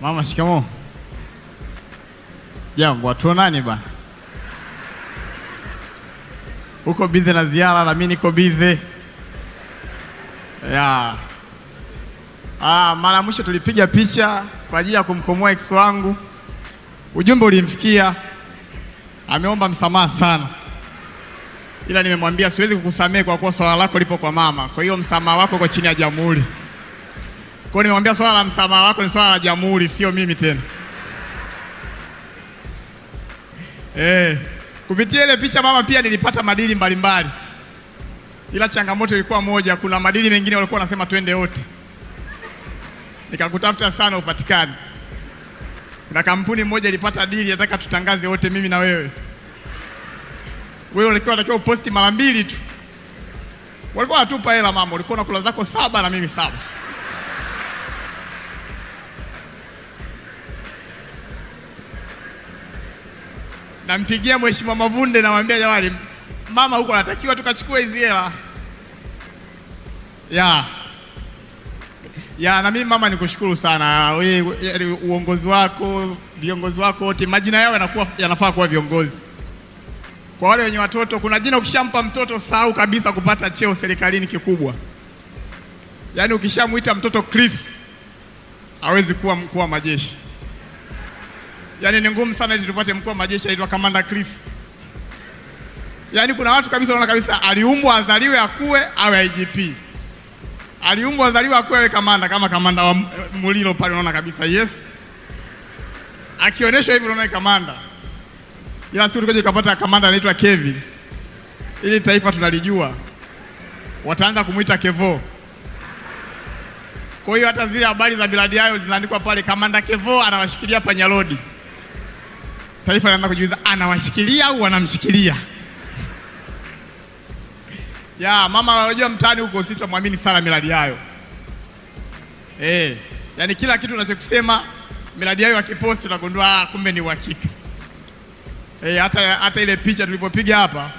Mama, shikamoo. Sijambo, nani bana. Uko bize na ziara na mimi niko bize ya. Ah, mara mwisho tulipiga picha kwa ajili ya kumkomoa ex wangu. Ujumbe ulimfikia, ameomba msamaha sana, ila nimemwambia siwezi kukusamehe kwa kuwa swala lako lipo kwa mama, kwa hiyo msamaha wako uko chini ya jamhuri. Kwa hiyo nimemwambia swala la msamaha wako ni swala la jamhuri, sio mimi tena. Eh, kupitia ile picha mama pia nilipata madili mbalimbali mbali. Ila changamoto ilikuwa moja, kuna madili mengine walikuwa wanasema twende wote, nikakutafuta sana upatikane. Na kampuni moja ilipata dili, nataka tutangaze wote, mimi na wewe. Wewe ulikuwa unatakiwa uposti mara mbili tu, walikuwa wanatupa hela mama, ulikuwa na kula zako saba na mimi saba. nampigia mheshimiwa Mavunde, namwambia jamani, mama huko anatakiwa tukachukue hizi hela ya ya na mimi mama, nikushukuru sana wewe, uongozi wako, viongozi wako wote, majina yao yanakuwa yanafaa kuwa viongozi. Kwa wale wenye watoto, kuna jina ukishampa mtoto sahau kabisa kupata cheo serikalini kikubwa. Yaani ukishamwita mtoto Chris hawezi kuwa mkuu wa majeshi. Yaani ni ngumu sana eti tupate mkuu wa majeshi aitwa Kamanda Chris. Yaani kuna watu kabisa wanaona kabisa aliumbwa azaliwe akue awe IGP. Aliumbwa azaliwe akue awe kamanda kama kamanda wa Mulilo pale unaona kabisa yes. Akionyeshwa hivi unaona kamanda. Ila siku tukija kupata kamanda anaitwa Kevin. Ili taifa tunalijua. Wataanza kumuita Kevo. Kwa hiyo hata zile habari za biladi yao zinaandikwa pale, Kamanda Kevo anawashikilia panyarodi taifa linaanza kujiuliza anawashikilia au wanamshikilia? Ya mama unajua mtaani huko sitamwamini sana miradi yayo eh, yani kila kitu unachokusema miradi yayo akiposti unagundua ah, kumbe ni uhakika eh, hata, hata ile picha tulipopiga hapa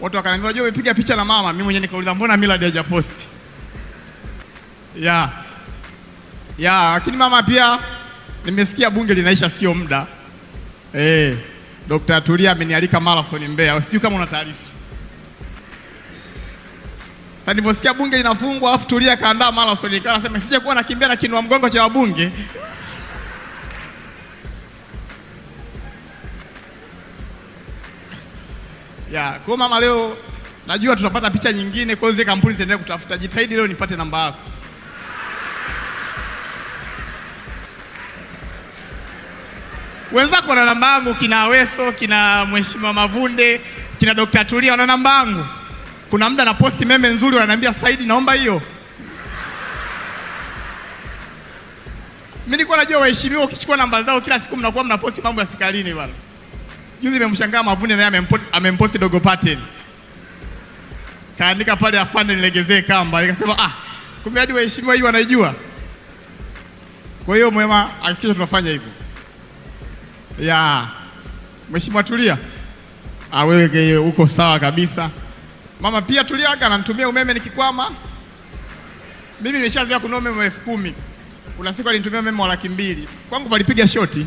watu wakaniambia unajua umepiga picha na mama, mimi mwenyewe nikauliza mbona miradi haijaposti? Ya ya lakini mama pia nimesikia bunge linaisha sio muda Eh, Dr. Tulia amenialika marathon Mbeya. Sijui kama una taarifa. Sasa niliposikia bunge linafungwa alafu Tulia kaandaa marathon nikawa nasema sije kuwa nakimbia na kinua mgongo cha wabunge. Ya, kwa mama leo najua tutapata picha nyingine kwa hiyo zile kampuni zitaendelea kutafuta. Jitahidi leo nipate namba yako. Wenzako wana namba yangu, kina Aweso, kina Mheshimiwa Mavunde, kina Dr. Tulia wana namba yangu. Kuna muda na posti meme nzuri, wananiambia Saidi, naomba hiyo. Mimi nilikuwa najua waheshimiwa ukichukua namba zao kila siku mnakuwa mnaposti mambo ya sikalini bwana. Juzi nimemshangaa Mavunde naye amemposti dogo pattern. Kaandika pale afande nilegezee kamba. Nikasema ah, kumbe hadi waheshimiwa hii wanaijua. Kwa hiyo mwema, hakikisha tunafanya hivyo ya Mheshimiwa Tulia. Ah, wewe uko sawa kabisa. Mama pia Tuliaga ananitumia umeme nikikwama. Mimi nimeshazoea kununua umeme wa elfu kumi. Kuna siku alinitumia umeme wa laki mbili. Kwangu palipiga shoti.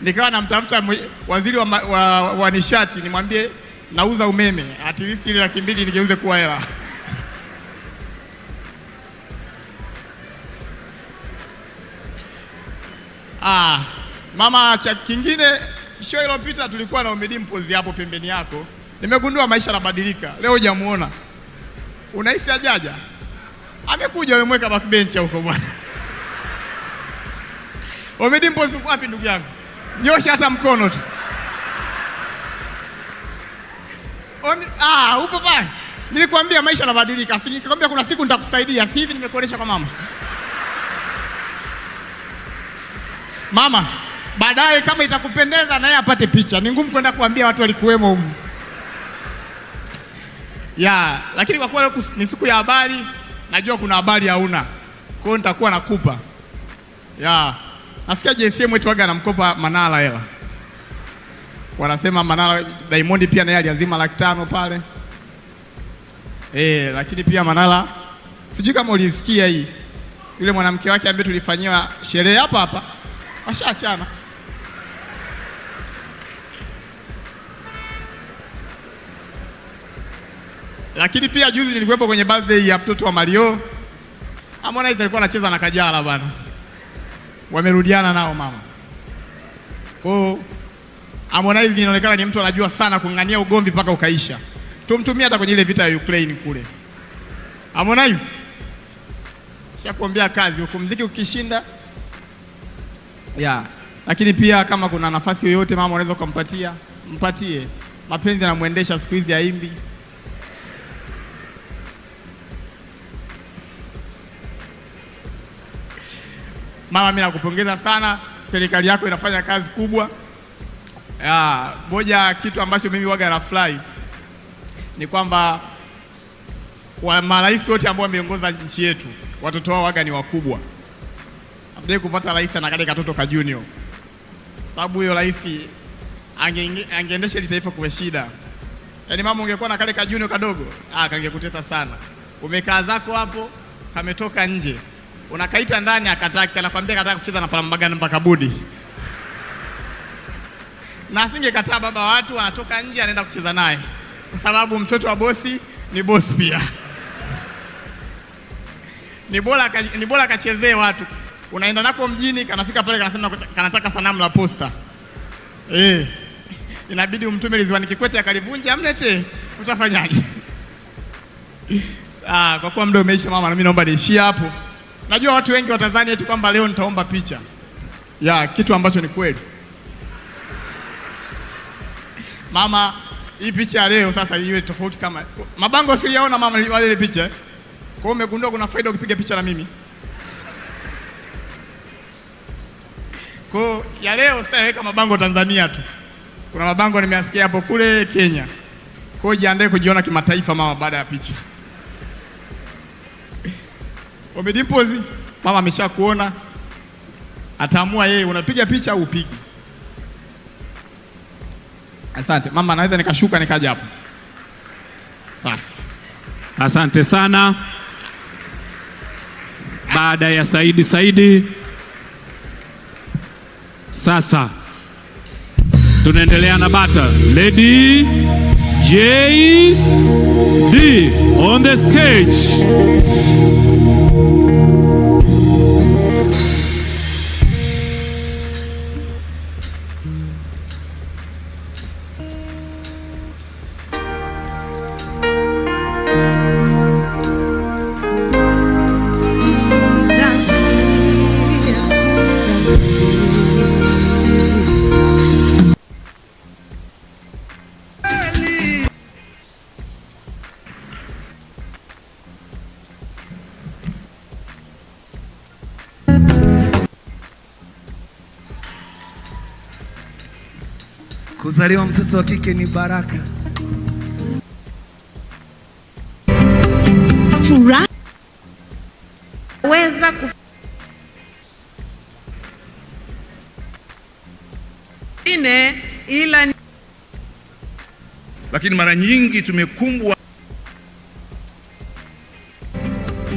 Nikawa namtafuta waziri wa, wa, wa nishati nimwambie nauza umeme at least ile laki mbili nigeuze kuwa hela. Ah, mama, cha kingine show iliyopita tulikuwa na Umidi Mpozi hapo pembeni yako. Nimegundua maisha yanabadilika. Leo hujamuona, unahisi ajaja? Amekuja, umemweka backbench huko bwana. Umidi Mpozi uko wapi ndugu yangu? Nyosha hata mkono tu. Ah, upo pale. Nilikwambia maisha yanabadilika. Sinikwambia kuna siku nitakusaidia. Si hivi nimekuonesha kwa mama. mama, baadaye kama itakupendeza, naye apate picha. Ni ngumu kwenda kuambia watu walikuwemo humu ya, lakini kwa kuwa ni siku ya habari, najua kuna habari hauna, kwa hiyo nitakuwa nakupa ya. Nasikia JSM wetu waga anamkopa Manara hela, wanasema Manara Diamond pia naye aliazima laki tano pale eh, lakini pia Manara sijui kama ulisikia hii, yule mwanamke wake ambaye tulifanyia sherehe hapa hapa washaachana. Lakini pia juzi nilikuwepo kwenye birthday ya mtoto wa Mario. Harmonize alikuwa anacheza na Kajala bwana, wamerudiana nao mama. Kwa hiyo Harmonize inaonekana ni mtu anajua sana kung'ania ugomvi mpaka ukaisha. Tumtumia hata kwenye ile vita ya Ukraine kule. Harmonize, shakuambia kazi huko, ukishinda yeah. Lakini pia kama kuna nafasi yoyote mama unaweza ukampatia, mpatie. Mapenzi yanamwendesha siku hizi, aimbi Mama, mimi nakupongeza sana, serikali yako inafanya kazi kubwa. Moja kitu ambacho mimi waga fly ni kwamba marais wote ambao wameongoza nchi yetu watoto wao waga ni wakubwa. Sijai kupata rais anakade katoto ka junior, sababu huyo rais angeendesha ile taifa kwa shida. Yaani mama, ungekuwa na kale ka junior kadogo, ah, kangekutesa sana. Umekaa zako hapo, kametoka nje, unakaita ndani, akataki, anakwambia kataka kucheza na palambagani mpaka budi na asingekataa baba, watu wanatoka nje, anaenda kucheza naye, kwa sababu mtoto wa bosi ni bosi pia. Ni bora akachezee watu unaenda nako mjini, kanafika pale kanasema kanataka sanamu la posta eh, inabidi umtume Ridhiwani Kikwete akalivunja amlete, utafanyaje? Ah, kwa kuwa muda umeisha mama, na mimi naomba niishie hapo. Najua watu wengi watadhani eti kwamba leo nitaomba picha ya kitu ambacho ni kweli. Mama, hii picha leo sasa iwe tofauti, kama mabango siliyaona mama, wale ile picha. Eh. Kwa hiyo umegundua kuna faida ukipiga picha na mimi. Kwa ya leo sitaweka mabango Tanzania tu, kuna mabango nimeasikia hapo kule Kenya. Kwa jiandae kujiona kimataifa mama, baada ya picha umedimpozi mama ameshakuona, ataamua yeye unapiga picha au upigi. Asante mama, naweza nikashuka nikaja hapo sasa. Asante sana. Baada ya Saidi Saidi sasa tunaendelea na bata Lady JD on the stage. Kuzaliwa mtoto wa kike ni baraka. Furaha weza kufine ila ni... Lakini mara nyingi tumekumbwa.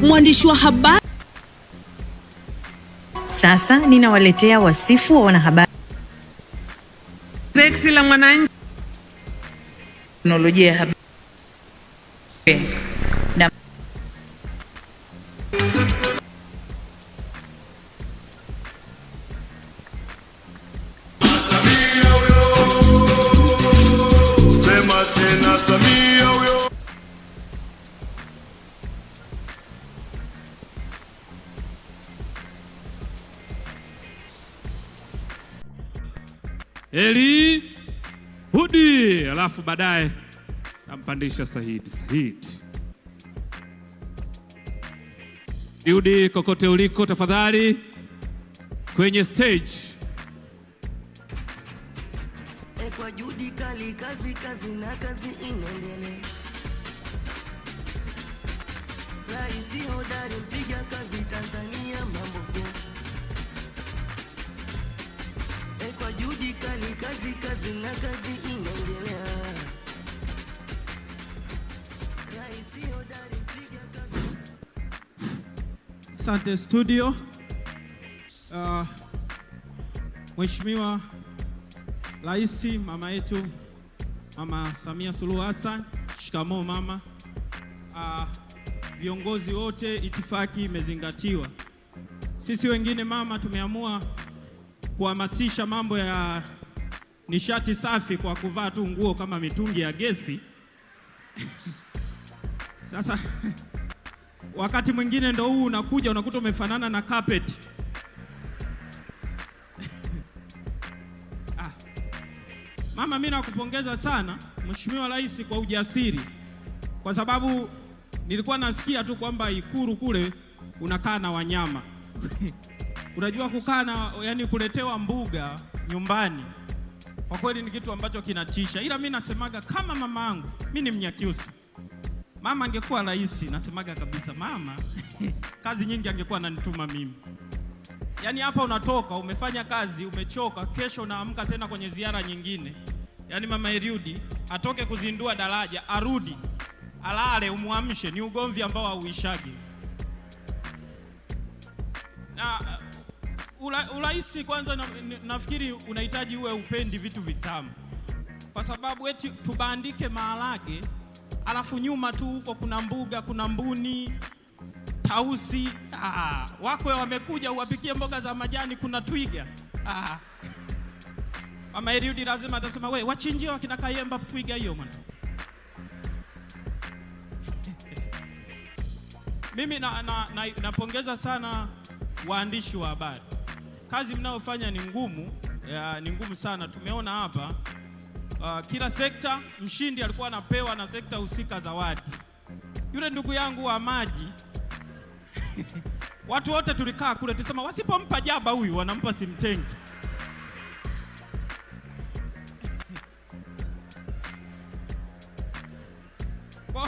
Mwandishi wa habari sasa, ninawaletea wasifu wa wanahabari. Gazeti la Mwananchi teknolojia ya habari alafu baadaye nampandisha Saidi. Saidi Daudi, kokote uliko, tafadhali kwenye stage kwa judi kali, kazi kazi na kazi inaendelea. Raisi hodari, mpiga kazi Tanzania, mambo kwa juhudi kali, kazi kazi na kazi inaendelea. Sante studio. Uh, Mheshimiwa Rais mama yetu Mama Samia Suluhu Hassan, shikamoo mama. Uh, viongozi wote, itifaki imezingatiwa. Sisi wengine mama, tumeamua kuhamasisha mambo ya nishati safi kwa kuvaa tu nguo kama mitungi ya gesi. Sasa Wakati mwingine ndo huu unakuja unakuta umefanana na carpet. Ah. Mama, mimi nakupongeza sana Mheshimiwa Rais kwa ujasiri, kwa sababu nilikuwa nasikia tu kwamba Ikulu kule unakaa na wanyama unajua kukaa na yani, kuletewa mbuga nyumbani kwa kweli ni kitu ambacho kinatisha, ila mi nasemaga kama mama yangu, mi ni Mnyakyusi Mama angekuwa rais, nasemaga kabisa mama kazi nyingi angekuwa ananituma mimi. Yaani hapa unatoka umefanya kazi umechoka, kesho unaamka tena kwenye ziara nyingine. Yaani mama Eliudi atoke kuzindua daraja, arudi alale, umwamshe, ni ugomvi ambao hauishagi. Na ula, uh, uraisi kwanza na, nafikiri unahitaji uwe upendi vitu vitamu, kwa sababu eti tubandike maharage alafu nyuma tu huko kuna mbuga, kuna mbuni, tausi. Ah, ah. wakwe wamekuja, uwapikie mboga za majani, kuna twiga. Ah, ah. mama Eliudi lazima atasema, we wachinjie wakina Kayemba twiga hiyo mwana. Mimi napongeza na, na, na sana waandishi wa habari, kazi mnayofanya ni ngumu, ni ngumu sana. Tumeona hapa uh, kila sekta mshindi alikuwa anapewa na sekta husika zawadi. Yule ndugu yangu wa maji watu wote tulikaa kule, tusema wasipompa jaba huyu wanampa simtengi.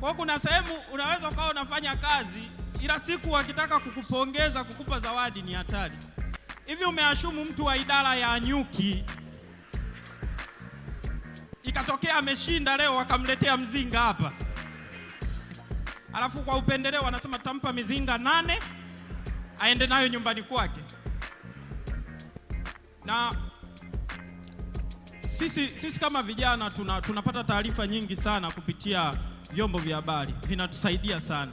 Kwa kuna sehemu unaweza ukawa unafanya kazi, ila siku wakitaka kukupongeza kukupa zawadi ni hatari. Hivi umeashumu mtu wa idara ya nyuki ikatokea ameshinda leo, wakamletea mzinga hapa, alafu kwa upendeleo wanasema tutampa mizinga nane aende nayo nyumbani kwake. Na sisi, sisi kama vijana tuna, tunapata taarifa nyingi sana kupitia vyombo vya habari vinatusaidia sana,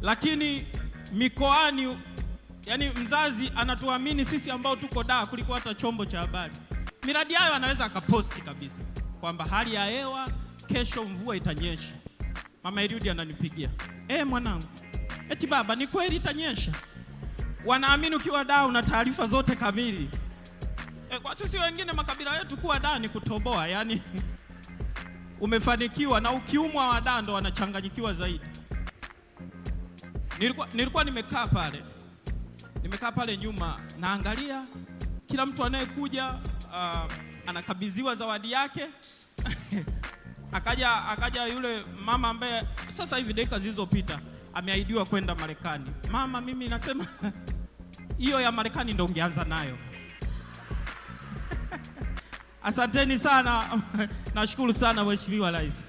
lakini mikoani, yani mzazi anatuamini sisi ambao tuko daa kuliko hata chombo cha habari. Miradi hayo anaweza akaposti kabisa kwamba hali ya hewa kesho mvua itanyesha. Mama Eliudi ananipigia, eh, mwanangu, eti baba, ni kweli itanyesha? Wanaamini ukiwa daa una taarifa zote kamili. E, kwa sisi wengine makabila yetu kuwa daa ni kutoboa, yani umefanikiwa na ukiumwa wa da ndo wanachanganyikiwa zaidi. Nilikuwa, nilikuwa nimekaa pale nimekaa pale nyuma naangalia kila mtu anayekuja uh, anakabidhiwa zawadi yake akaja akaja yule mama ambaye sasa hivi dakika zilizopita ameahidiwa kwenda Marekani. Mama, mimi nasema hiyo ya Marekani ndio ungeanza nayo. Asanteni sana nashukuru sana Mheshimiwa Rais.